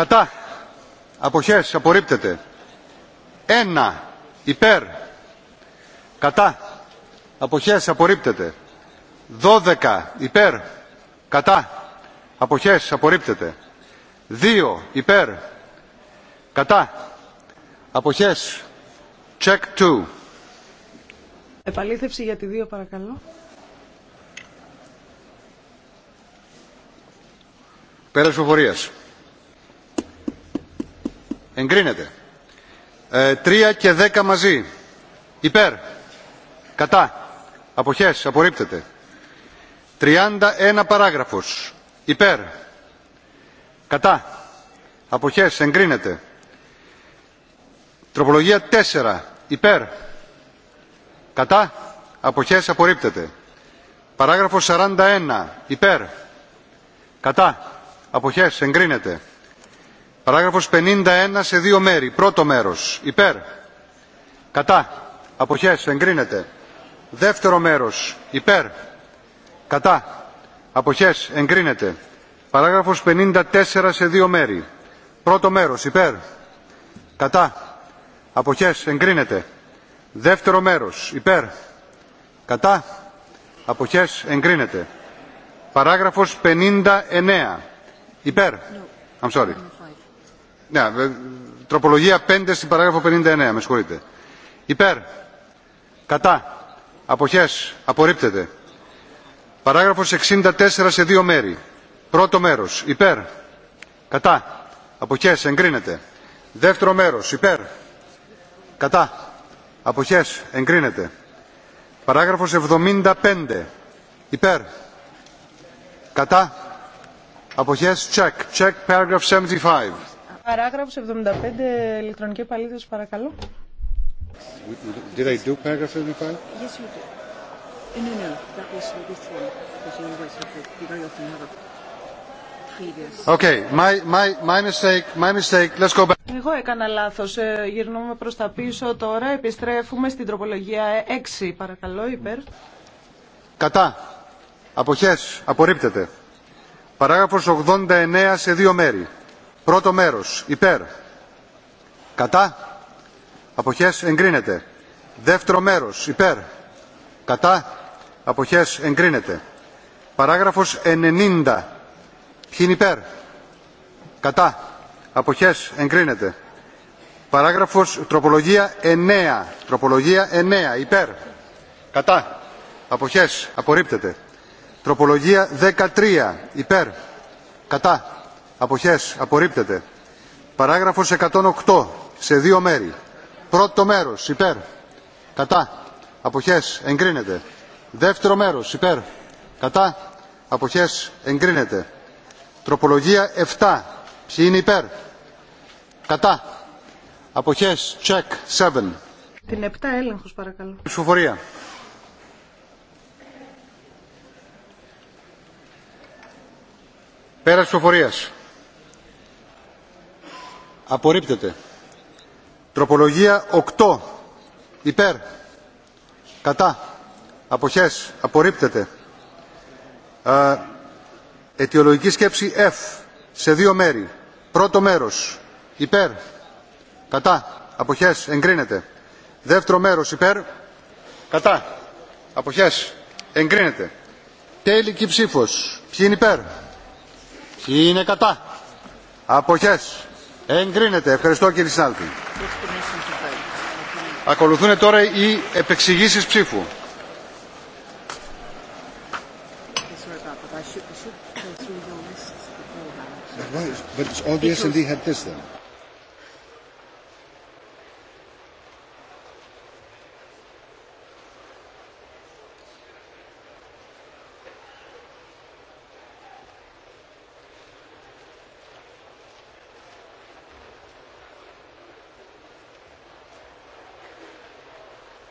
κατά αποχές απορρίπτεται Ένα. υπέρ κατά αποχές απορρίπτεται Δώδεκα. υπέρ κατά αποχές απορρίπτεται Δύο. υπέρ κατά αποχές check two. Επαλήθευση για τη δύο, παρακαλώ Πέρας φοβορίας εγκρίνεται. Ε, τρία και δέκα μαζί. Υπέρ. Κατά. Αποχές. Απορρίπτεται. 31 παράγραφος. Υπέρ. Κατά. Αποχές. Εγκρίνεται. Τροπολογία τέσσερα. Υπέρ. Κατά. Αποχές. Απορρίπτεται. Παράγραφος 41. Υπέρ. Κατά. Αποχές. Εγκρίνεται. Παράγραφος 51 σε δύο μέρη. Πρώτο μέρος. Υπέρ. Κατά. Αποχές. Εγκρίνεται. Δεύτερο μέρος. Υπέρ. Κατά. Αποχές. Εγκρίνεται. Παράγραφος 54 σε δύο μέρη. Πρώτο μέρος. Υπέρ. Κατά. Αποχές. Εγκρίνεται. Δεύτερο μέρος. Υπέρ. Κατά. Αποχές. Εγκρίνεται. Παράγραφος 59. Υπέρ. I'm sorry. Ναι, τροπολογία 5 στην παράγραφο 59, με συγχωρείτε. Υπέρ. Κατά. Αποχές. Απορρίπτεται. Παράγραφος 64 σε δύο μέρη. Πρώτο μέρος. Υπέρ. Κατά. Αποχές. Εγκρίνεται. Δεύτερο μέρος. Υπέρ. Κατά. Αποχές. Εγκρίνεται. Παράγραφος 75. Υπέρ. Κατά. Αποχές. Check. Check. Paragraph 75. Παράγραφος 75, ηλεκτρονική επαλήθευση, παρακαλώ. Did I do paragraph 75? Yes, you did. No, no, that was before. because you always have to, you very often have a Okay, my, my, my mistake, my mistake. Let's go back. Εγώ έκανα λάθος. Ε, γυρνούμε προς τα πίσω τώρα. Επιστρέφουμε στην τροπολογία 6, παρακαλώ, υπέρ. Κατά. Αποχές. Απορρίπτεται. Παράγραφος 89 σε δύο μέρη. Πρώτο μέρος. Υπέρ. Κατά. Αποχές εγκρίνεται. Δεύτερο μέρος. Υπέρ. Κατά. Αποχές εγκρίνεται. Παράγραφος 90. Ποιοι είναι υπέρ. Κατά. Αποχές εγκρίνεται. Παράγραφος τροπολογία 9. Τροπολογία 9. Υπέρ. Κατά. Αποχές. Απορρίπτεται. Τροπολογία 13. Υπέρ. Κατά. Αποχές. Απορρίπτεται. Παράγραφος 108. Σε δύο μέρη. Πρώτο μέρος. Υπέρ. Κατά. Αποχές. Εγκρίνεται. Δεύτερο μέρος. Υπέρ. Κατά. Αποχές. Εγκρίνεται. Τροπολογία 7. Ποιοι είναι υπέρ. Κατά. Αποχές. Check. 7. Την 7 έλεγχος παρακαλώ. Ψηφοφορία. Πέρα ψηφοφορίας απορρίπτεται τροπολογία 8 υπέρ κατά αποχές απορρίπτεται Α, ε, αιτιολογική σκέψη F σε δύο μέρη πρώτο μέρος υπέρ κατά αποχές εγκρίνεται δεύτερο μέρος υπέρ κατά αποχές εγκρίνεται τέλικη ψήφος ποιοι είναι υπέρ ποιοι είναι κατά αποχές Εγκρίνεται. Ευχαριστώ κύριε Σάλτη. Ακολουθούν τώρα οι επεξηγήσεις ψήφου.